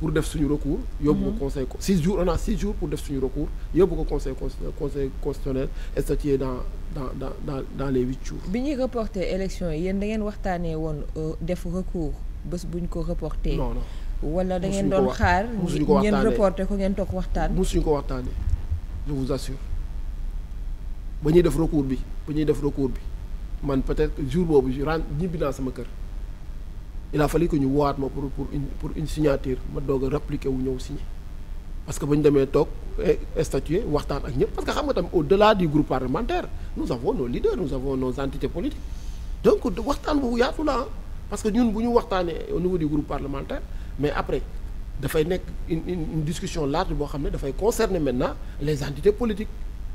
pour def suñu recours yóbbu ko mhm. conseil six jours on a six jours pour def suñu recours yóbbu ko conseil conseil constitutionnel et statué dans dans dans dans dans les huit jours. bi ñuy reporté élection yi yéen da ngeen waxtaanee woon euh, def recours bés bu ñu ko reporté. non non wala da ngeen doon xaar. musuñu ko waxtaanee ngeen reporté ko ngeen toog waxtaan. musuñu ko waxtaanee je ba ñuy def recours bi ba ñuy def recours bi man peut-être jour boobu je rentre ñibbi naa sama kër. il a fallu que ñu woowaat ma pour pour une pour une signature ma doog a wu ñëw signé parce que ba ñu demee toog eh, statuer waxtaan ak ñëpp parce que xam nga tamit au delà du groupe parlementaire nous avons nos leaders nous avons nos entités politiques donc waxtaan bu yaatu la ah. parce que ñun bu ñu waxtaanee au niveau du groupe parlementaire mais après dafay nekk une une discussion large boo xam ne dafay concerner maintenant les entités politique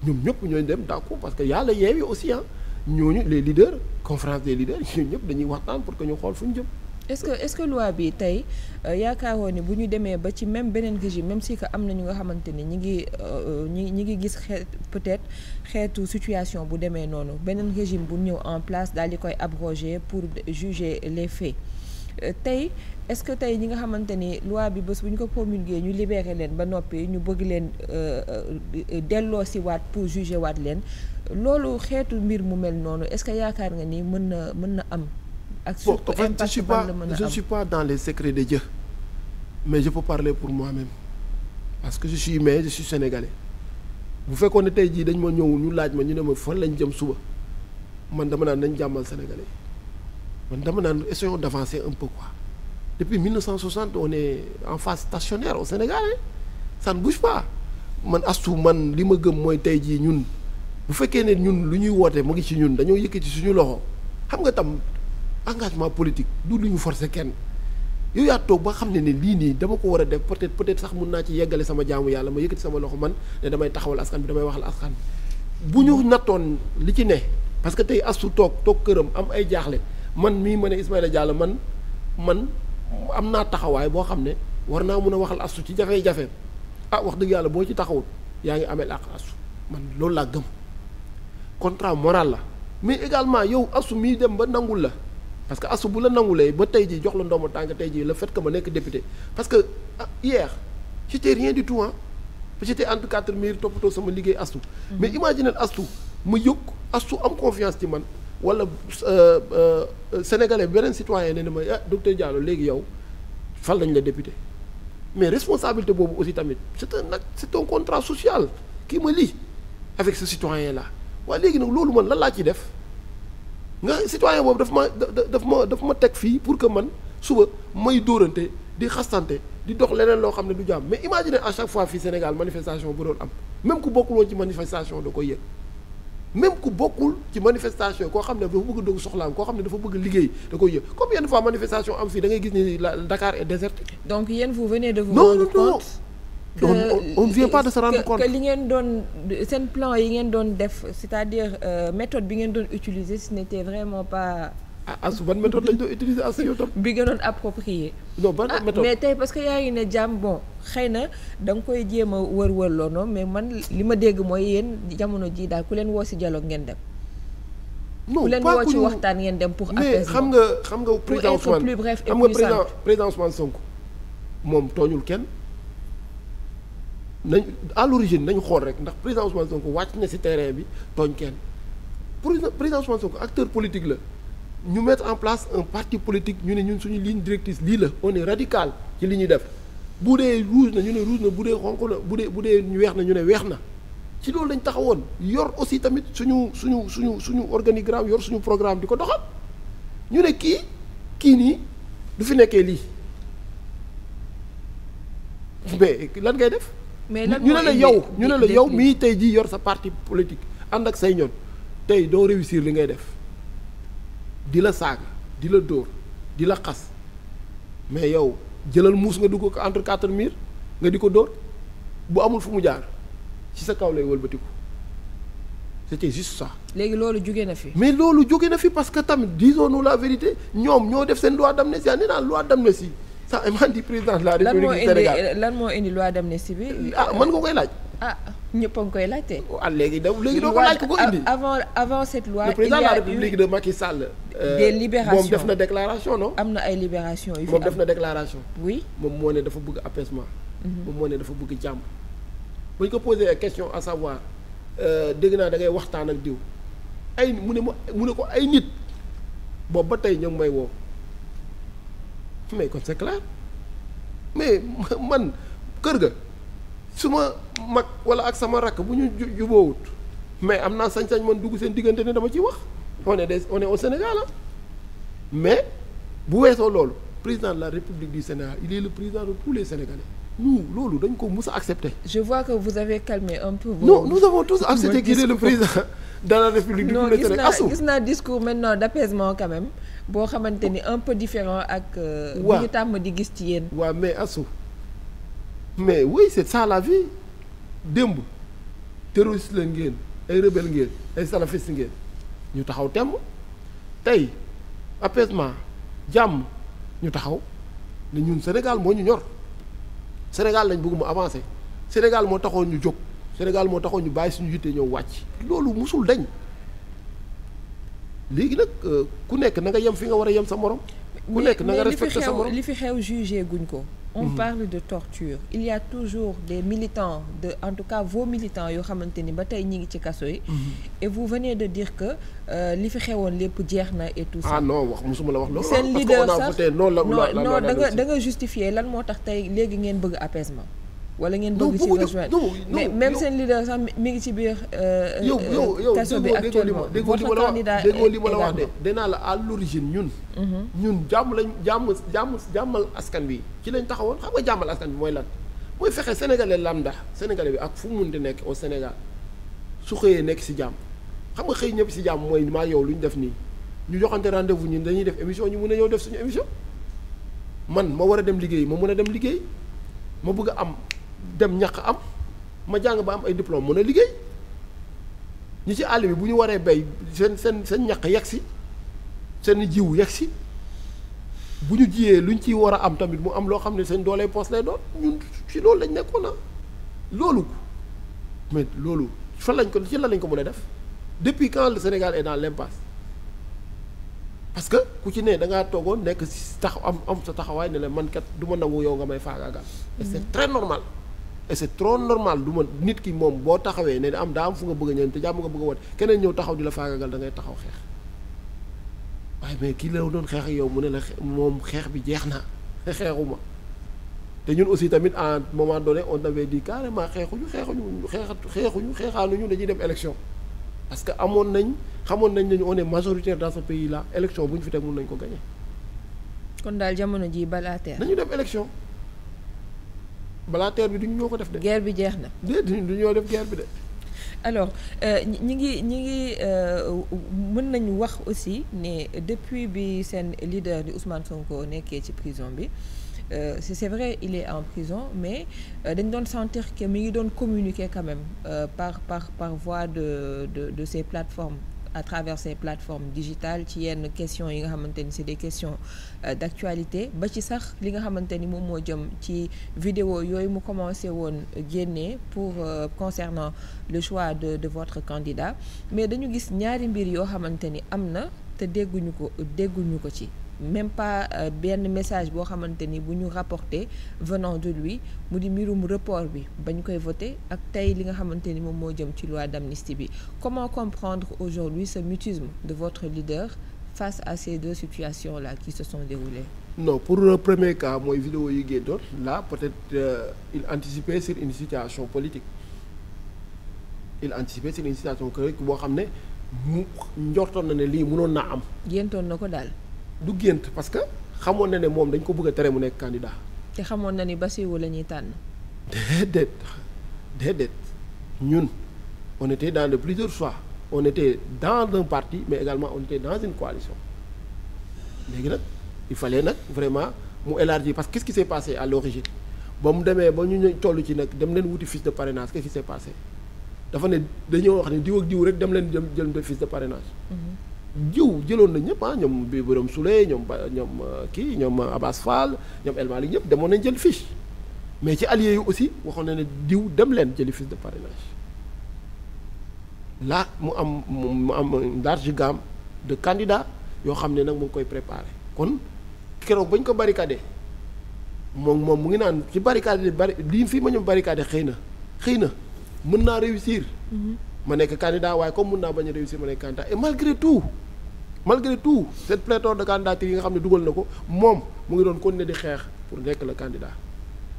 ñoom ñëpp ñooy dem d'accord parce que yàlla yeewi aussi ah ñooñu les leaders conférence des ñëpp dañuy waxtaan pour que ñu xool fu ñu est-ce que est-ce que bi tey euh, yaakaaroo ni bu ñu demee ba ci même beneen régime même si que am na ñu nga xamante ni ñi ngi euh, ñi ñi ngi gis xeet peut-être xeetu situation bu demee noonu beneen régime bu ñëw en place daal di koy abroger pour juger les faits euh, tey est-ce que tey ñi nga xamante ni loi bi bés bu ñu ko promulguer ñu libérer leen ba noppi ñu bëgg leen delloo si waat pour juger waat leen loolu xeetu mbir mu mel noonu est-ce que yaakaar nga ni mën na mën na am ak surtout bon, en fait, je suis pas je suis pas dans les secrets de Dieu mais je peux parler pour moi-même parce que je suis humain je suis sénégalais bu fekkoon ne tey jii dañ ma ñëw ñu laaj ma ñu ne ma fan lañ jëm suba man dama naan nañ jàmmal sénégalais man dama naan essayons d'avancer un peu quoi depuis 1960 on est en phase stationnaire au Sénégal san ne bouge man astu man li ma gëm mooy tey jii ñun bu fekkee ne ñun lu ñuy woote mu ngi ci ñun dañoo yëkkati ci suñu loxo xam nga tam. engagement politique du lu ñu forcer kenn yow yaa toog ba xam ne ne lii nii dama ko war a def peut-être peut-être sax mun naa ci yeggale sama jaamu yàlla ma yëkkati sama loxo man ne damay taxawal askan bi damay waxal askan bi bu ñu nattoon li ci ne parce que tey astu toog toog këram am ay jaaxle man mii ma ne a Diallo man man am naa taxawaay boo xam ne war naa mun a waxal astu ci jafee jafe ah wax dëgg yàlla boo ci taxawul yaa ngi amee ak astu man loolu laa gëm contrat moral la mais également yow astu mii dem ba nangul la parce que asu bu la nangulee ba tey jii jox la ndombo tàng tey jii le fait que ma nekk député parce que ah, hier j'étais rien di tout ah j'étais entre quatre murs toppatoo sama liggéey astu mm-hmm. mais imaginez astu ma yëg astu am confiance ci man wala euh, euh, sénégalais beneen citoyen ne ne ma ah docteur Diallo léegi yow fal nañ la député mais responsabilité boobu aussi tamit c'est un acte c'est un contrat social kii ma lii avec ce citoyen là waaye léegi nag loolu man lan laa ciy def nga citoyen boobu daf ma daf ma daf ma teg fii pour que man suba may dóorante di xastante di dox leneen loo xam ne du jàmm mais imaginez à chaque fois fii Sénégal manifestation bu doon am même ku bokkuloo ci manifestation da ko yëg même ku bokkul ci manifestation koo xam ne dafa bëgg dugg soxlaam koo xam ne dafa bëgg liggéey da koy yëg combien de fois manifestation am fii da ngay gis ni Dakar est déserté donc yéen vous venez de vous rendre on on ne vient pas de li ngeen doon seen plan yi ngeen doon def c'est-à-dire euh, méthode bi ngeen doon utiliser ce n'était vraiment pas. ah, ah su ban méthode lañ doon utiliser ah, bi gënoon approprié. non ban ah, méthode mais tey parce que yaa ngi ne jàmm bon xëy na danga koy jéem a wër-wër loonoo mais man li ma dégg mooy yéen jamono jii daal ku leen woo si jaloo ngeen dem. non ku leen woo ci waxtaan ngeen dem pour. apaisement xam nga xam nga président Ousmane pour être plus bref et puissant xam nga moom tooñul kenn. nañ à l'origine nañu xool rek ndax président Ousmane Sonko wàcc na ci terrain bi tooñ kenn président Ousmane Sonko acteur politique la ñu mettre en place un parti politique ñu ne ñun suñu ligne directrice lii la on est radical ci li ñuy def bu dee rouge na ñu ne rouge na bu dee xonq na bu dee bu dee ñu weex na ñu ne weex na ci loolu lañ taxawoon yor aussi tamit suñu suñu suñu suñu organigramme yor suñu programme di ko doxal ñu ne kii kii nii du fi nekkee lii mais lan ngay def mais nag ñu ne la yow ñu ne la yow mii tey jii yor sa parti politique ànd ak say ñoon tey doo réussir li ngay def di la saaga di la dóor di la xas mais yow jëlal muus nga dugg ko entre quatre mille nga di ko dóor bu amul fu mu jaar ci sa kaw lay wëlbatiku c'était juste ça. léegi loolu jóge na fi. mais loolu jóge na fi parce que tamit disons-nous la vérité ñoom ñoo def seen loi d'amnistie nee naa loi si ah eh, maa ngi président la république lan moo indi loi si bi. ah man nga koy laaj. ah ñëpp a ngi koy laajte. Oh, ah léegi da léegi doo ko laaj ko ko indi. avant avant cette loi. le président de la république de Macky Sall. Euh, des libérations moom def na déclaration no am na ay libération yu fi am na déclaration. oui moom moo ne dafa bëgg apaisement. Mhm. moom moo ne dafa bëgg jàmm. bu ñu ko posé question à savoir euh, dégg naa da ngay waxtaan ak diw ay mu ne ma mu ne ko ay nit boobu ba tey ñoom may woo. mais kon c'est clair mais man kër ga su ma mag wala ak sama rakk bu ñu juboowut mais am naa sañ-sañ man dugg seen diggante ne dama ciy wax on est des on est au Sénégal ah mais bu weesoo loolu président de la République du Sénégal il est le président de tous les Sénégalais nous loolu dañ ko mu a accepter. je vois que vous avez calmé un peu. Vos... nous avons tous accepté qu'il est le président. dans la république du coup la gis naa discours maintenant d'apaisement quand même boo xamante ni un peu différent ak euh, bu ñu tàmm di gis ci yéen waa mais asu mais oui c'est ça la vie démb terroriste la ngeen ay rebelle ngeen ay salafiste ngeen ñu taxaw temm tey apaisement jàmm ñu taxaw ne ñun Sénégal moo ñu ñor Sénégal lañ bëgg mu avancer Sénégal moo taxoon ñu jóg Sénégal moo taxoon ñu bàyyi suñu yitte ñëw wàcc loolu musul dañ léegi nag euh, ku nekk na nga yem fi nga war a yem sa morom. ku nekk na nga respecté sa morom li fi xew jugé guñ ko. on mhm. de torture il y toujours des militants de en tout cas vos militants yoo xamante ni ba tey ñi ngi ci kaso yi. Mhm. et vous venez de dire que euh, li fi xewoon lépp jeex na et tout ça. ah wax musuma la wax loolu. seen leader sax non non da lan moo tax tey léegi ngeen bëgg apaisement. wala ngeen bëgg ci rejoindre mais même seen leader sax mi ngi ci biir. Euh, euh, yow yow yow déggoo li ma déggoo li ma la wax li ma wax de danaa la à l'origine ñun. Mhm. ñun jàmm lañ jàmm jàmm jàmmal askan bi ci lañ taxawoon xam nga jàmmal bi mooy lan mooy fexe sénégalais lambda sénégalais bi ak fu mun munti nekk au Sénégal su xëyee nekk si jàmm xam nga xëy ñëpp si jàmm mooy maa yow lu ñu def nii ñu joxante rendez-vous dañuy def émission ñu mun a ñëw def suñu émission man ma war a dem liggéey ma mën a dem liggéey ma bëgg a am dem ñaq am ma jàng ba am ay diplôme mën na liggéey ñi ci àll bi bu ñu waree bay seen seen seen ñaq yegg si seen jiw yegg si bu ñu jiyee luñ ciy war a am tamit mu am loo xam ne seen doolee poos lay doon ñun si loolu lañ nekkoon ah loolu mais loolu fan lañ ko ci lan lañ ko mën a def depuis quand le Sénégal est dans l'impasse parce que ku ci nee da ngaa toogoon si tax am am sa taxawaay ne la man kat du ma nangu yow nga may faagaagal. et c'est très normal. et c'est trop normal du ma nit ki moom boo taxawee ne am daa am fu nga bëgg a ñëw te jàmm nga bëgg a wat keneen ñëw taxaw di la faagagal da taxaw xeex waaye mais kii la doon xeex yow mu ne la moom xeex bi jeex na xeexu ma te ñun aussi tamit à un moment donné on avait dit carrément xeexuñu xeexuñu xeexatu xeexuñu xeexaanuñu dañuy dem élection parce que amoon nañ xamoon nañ nañu on est majoritaire daa ce pays la élection bu ñu fi teg mun nañ ko gagner kon daal jamono ji balaa teer nañu dem élection balaa bi duñ ñoo ko def de. guerre bi jeex na. déedéet du ñoo def guerre bi de. alors euh, ñi ngi ñi ngi euh, mën nañu wax aussi ne depuis bi seen leader di Ousmane Sonko nekkee ci prison bi euh, c'est vrai il est en prison mais euh, dañ doon sentir ki mi ngi doon communiquer quand même euh, par par par voie de de de ces plateformes. à travers ces plateformes digitales ci yenn questions yi nga xamante ni ci des questions euh, d'actualité ba ci sax li nga xamante ni moom moo jëm ci vidéo yooyu mu commencé woon génne pour euh, concernant le choix de de votre candidat mais dañu gis ñaari mbir yoo xamante ni am na te dégguñu ko dégguñu ko ci même pas euh, benn message boo xamante ni bu ñu rapporté venant de lui mu di mbirum report bi ba ñu koy voté ak tey li nga xamante ni moom moo jëm ci loi d'amnistie bi comment comprendre aujourd'hui ce mutisme de votre leader face à ces deux situations là qui se sont déroulées non pour le premier cas mooy vidéo yi génnoon là peut-être euh, il anticipait sur une situation politique il anticipait sur une situation que boo xam ne mu njortoon na ne lii mënoon naa am. géntoon na ko daal. du gént parce que xamoon na ne moom dañ ko bëgg a tere mu nekk candidat. te xamoon na ni Bassirou la ñuy tànn. déedéet déedéet ñun on était dans de plusieurs choix on était dans un parti mais également on était dans une coalition léegi nag il fallait nag vraiment mu élargir parce que qu'est-ce qui s'est passé à l'origine ba mu demee ba ñu ñu toll ci nag dem leen wuti fiche de parrainage qu'est-ce qui s'est passé dafa ne dañoo wax ne diw ak diw rek dem leen jël fiche de parrainage. Mhm. jiw jëloon na ñëpp ah ñoom bi borom Souley ñoom ba ñoom euh, kii ñoom euh, Abass Fall ñoom El Malick ñëpp demoon nañ jël fiche mais ci alliés yu aussi waxoon na ne diw dem leen jëli fiche de mu am mu am de candidats yoo xam ne nag mu ngi koy préparé kon keroog bañ ko barricadé moom moom mu ngi naan ci barricadé bari lii fii ma ñu barricadé xëy na xëy na mën naa réussir. Mm-hmm. ma nekk candidat waaye comme mën naa bañ a réussir ma nekk candidat et malgré tout. malgré tout cette pléthore de candidature yi nga xam ne dugal na ko moom mu ngi doon continuer di xeex pour nekk la candidat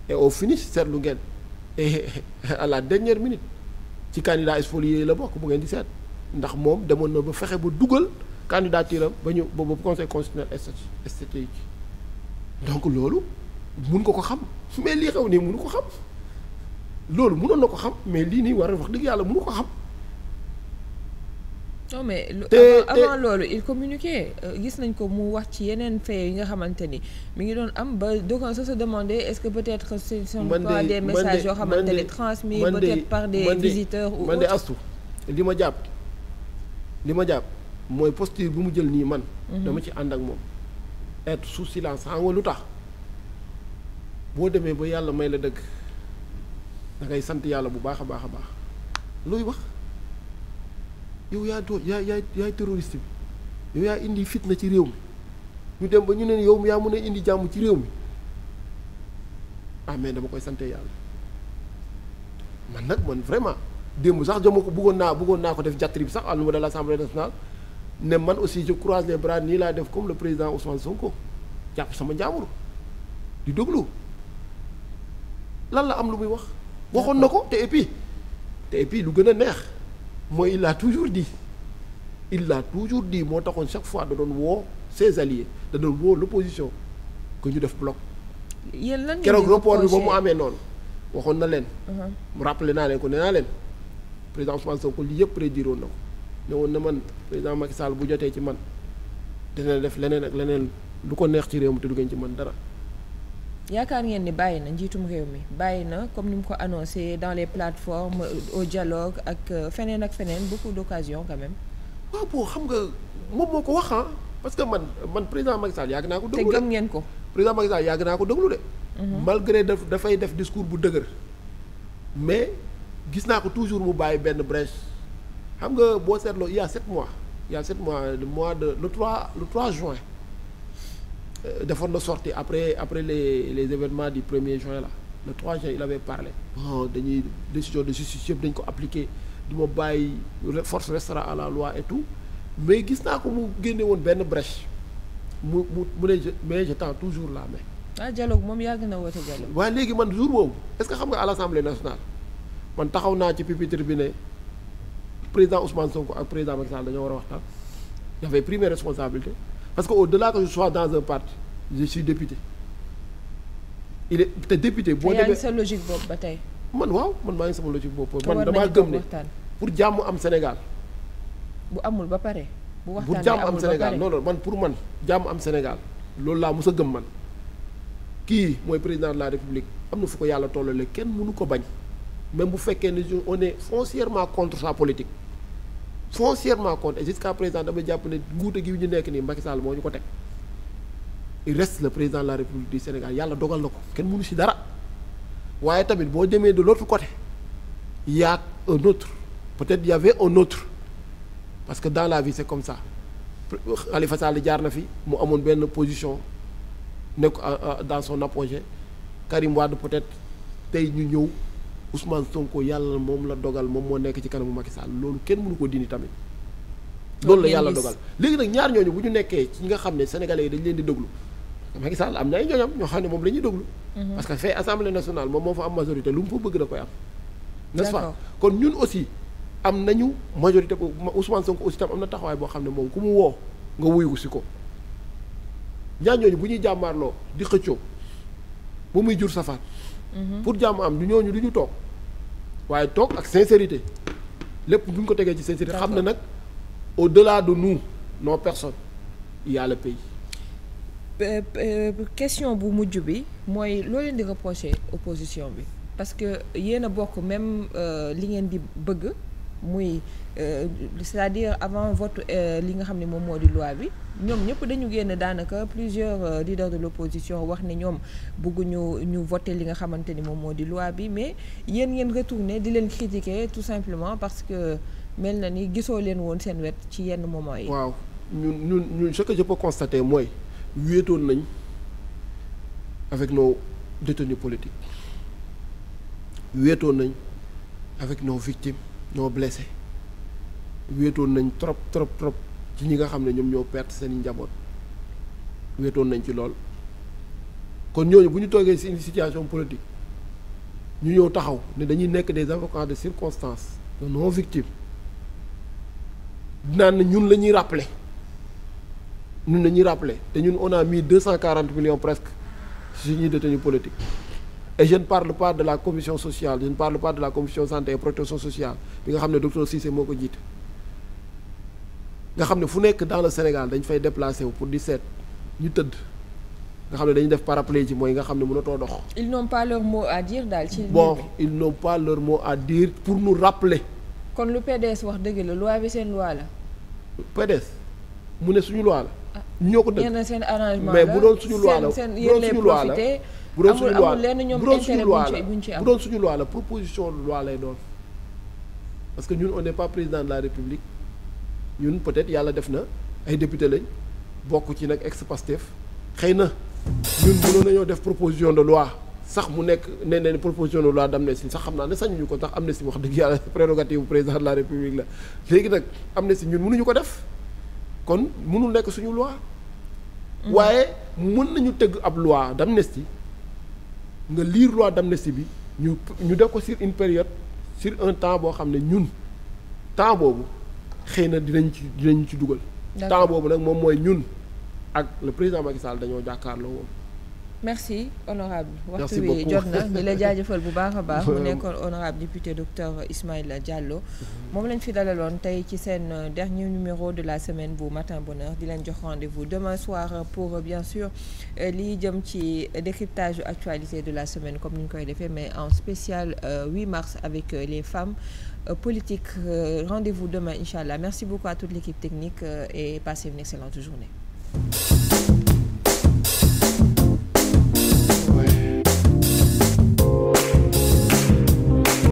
et au finish seetlu ngeen et à la dernière minute ci candidat spolié la bokk bu ngeen di seet ndax moom demoon na ba fexe ba dugal candidature am ba ñu ba conseil constitutionnel statut donc loolu mun ko ko xam mais lii xew nii mënu ko xam loolu mënoon na ko xam mais lii nii war a wax dëgg yàlla mënu ko xam non mais lu avant loolu il communique euh, gis nañ ko mu wax ci yeneen fee yi nga xamante ni mu ngi doon am ba donc ça se demandait est-ce que peut-être ce ne sont pas des messages yoo xamante ne transmis peut-être par des visiteurs ou man de astu li ma jàpp li ma jàpp mooy posture bi mu jël nii man mhm. dama ci ànd ak moom être sous silence xam nga lu tax boo demee ba yàlla may la dëgg da sant yàlla bu baax a baax a baax luy wax yow yaa doo yaa yaay yaay terroriste bi yow yaa indi fitna ci réew mi ñu dem ba ñu ne yow yaa mën a indi jàmm ci réew mi ah mais dama koy sante yàlla man nag man vraiment démb sax dama ko bëggoon naa bëggoon naa ko def bi sax à niveau de l'Assemblée nationale ne man aussi je croise les bras nii laa def comme le président Ousmane ko jàpp sama njaamur di doglu lan la am lu muy wax waxoon na ko te et te et lu gën a neex mooy il toujours di il toujours di moo taxoon chaque fois da doon woo ses alliés da doon woo l'opposition que ñu def yéen lan keroog report bi ba mu amee noonu waxoon na leen. Uh-huh. mu rappelé naa leen ko ne naa leen président Ousmane Sonko lii yëpp prédire woon na ko ne woon na man président Macky Sall bu jotee ci man dina def leneen ak leneen lu ko neex ci réew mi te du ngeen ci man dara. yaakaar ngeen ni bàyyi na njiitum réew mi bàyyi na comme ni mu ko annoncé dans les plateformes euh, au dialogue ak euh, feneen ak feneen beaucoup d'occasions quand même. waaw bon xam nga moom moo ko wax ah parce que man man président Macky Sall yàgg naa ko. déglu de te gëm ngeen ko. président Macky Sall yàgg naa ko déglu de. Mhm. malgré daf dafay def discours bu dëgër. mais gis naa ko toujours mu bàyyi benn brèche xam nga boo seetloo il y a mois il y a sept mois le mois de le 3 le 3 juin. Euh, defoon na sorti après après les les événements du premier join la le 3 juin il avait parlé bon dañuy décision de justice yëpp dañ ko appliqué du ma bàyyi force restera à la loi et tout mais gis naa ko mu génne woon benn brèche mu mu mu ne mais je tends toujours la main. ah dialogue moom yàgg na woote dialogue. waaye léegi man jour boobu est-ce xam nga à l'Assemblée nationale man taxaw naa ci pupitre bi ne président Ousmane Sonko ak président Macky dañoo war a waxtaan dafay première parce que au-delà que je sois dans un parti je suis député il est te député. boo demee sa logique boobu ba tey. man waaw man maa ngi sama logique boobu man damaa gëm ne pour jàmm am Sénégal. bu amul ba pare. bu waxtaanee pour jàmm am Sénégal non non man pour man jàmm am Sénégal loolu laa mës a gëm man kii mooy président de la République am na fu ko yàlla tollale kenn mënu ko bañ même bu fekkee ne on est foncièrement contre sa politique. foncièrement contre et jusqu'à présent dama jàpp ne nguute gi ñu nekk nii ko teg il président la République du Sénégal yàlla dogal na ko kenn mënu ci dara waaye tamit boo demee de l'autre côté il y a un autre peut-être y avait un autre parce que dans la vie c'est comme ça Khalifa jaar na fi mu amoon benn position nekk euh, euh, dans son apogée Karim Wade peut-être tey ñu ñëw Ousmane Sonko yàlla moom la dogal moom moo nekk ci kanamu Macky Sall loolu kenn mënu ko dindi tamit. loolu la yàlla dogal léegi nag ñaar ñooñu bu ñu nekkee nga xam ne sénégalais yi dañ leen di déglu Macky Sall am na ay ñooñam ñoo xam ne moom la ñuy déglu. Mhm. parce que fee assemblée moom moo fa am majorité lu mu fa bëgg kon ñun aussi am nañu majorité boobu Ousmane Sonko aussi tam am na taxawaay boo xam ne moom ku mu woo nga wuyu si ko. ñaar ñooñu bu ñuy jàmmaarloo di xëccoo ba muy jur safaat. Mhm. pour jàmm am du ñu du ñu toog. waaye toog ak sincérité lépp bu ñu ko tegee ci sincérité xam na nag au delà de nous nos personnes il y question bu mujj bi mooy loo leen di reprocher opposition bi parce que yéen a bokk même euh, li ngeen di bëgg muy euh, c'est-à-dire avant vote euh, li nga xam ne moom moo di loi bi ñoom ñëpp dañu génn daanaka plusieurs euh, leaders de l'opposition wax ne ñoom bëgguñu ñu voter li nga xamante ni moom moo di loi bi mais yéen ngeen retourner di leen critiquer tout simplement parce que mel na ni gisoo leen woon seen wet ci yenn moment yi. waaw ñun ñun ñun ce que constater mooy wéetoon nañ avec nos détenus politique wéetoon nañ avec nos victimes. ñoo blessé wéetoon nañ trop trop trop ci ñi nga xam ne ñoom ñoo perte seen njaboot wéetoon nañ ci lool kon ñooñu bu ñu toogee ci une situation politique ñu ñëw taxaw ne dañuy nekk des avocats de circonstance de non victime naan na ñun la ñuy rappeler ñun la ñuy rappeler te ñun on a mis deux cent quarante millions presque si ñuy détenu politique et je ne parle pas de la commission sociale je ne parle pas de la commission santé et protection sociale bi nga xam ne docteur Cissé moo ko jiite nga xam ne fu nekk dans le Sénégal dañ fay déplacé wu pour di seet ñu tëdd nga xam ne dañu def paraplégie mooy nga xam ne mënatoo dox. ils n'ont pas leur mot à dire daal ci. bon ils n'ont pas leur mot à dire pour nous rappeler. kon lu PDS wax dëgg la loi bi seen loi la. PDS mu ne suñu loi la. Ah, ñoo ko dëgg seen arrangement la mais bu doon suñu loi bu doon suñu loi bu doon suñu loi la bu doon suñu loi la proposition de lay doon parce que ñun on n'est pas président de la république ñun peut-être yàlla def na ay député lañ bokk ci nag ex-Pastef xëy na ñun mënoon nañoo def proposition de loi sax mu nekk ne ne proposition de loi d'amnistie sax xam naa ne sañuñu ko tax amnistie wax dëgg yàlla prérogative bu président de la république la léegi nag amnistie ñun mënuñu ko def kon mënul nekk suñu loi mm. waaye mën nañu tëgg ab loi d'amnistie nga lire loi si bi ñu ñu def ko sur une période sur un temps boo xam ne ñun temps boobu xëy na dinañ ci di dinañ ci dugal. temps boobu nag moom mooy ñun ak le président Macky Sall dañoo jàkkaarloo woon. merci honorable waxtu wi jot na ñu la jaajëfal bu baax a baax mu nekkoon honorable député docteur Ismaïla Diallo moom lañ fi dalaloon tey ci seen euh, dernier numéro de la semaine bu matin bonheur di leen jox rendez-vous demain soir pour euh, bien sûr euh, lii jëm ci décryptage actualité de la semaine comme ni ñu koy defee mais en spécial 8 mars avec les femmes politiques rendez-vous demain incha allah merci beaucoup à toute l'équipe technique et passez une excellente journée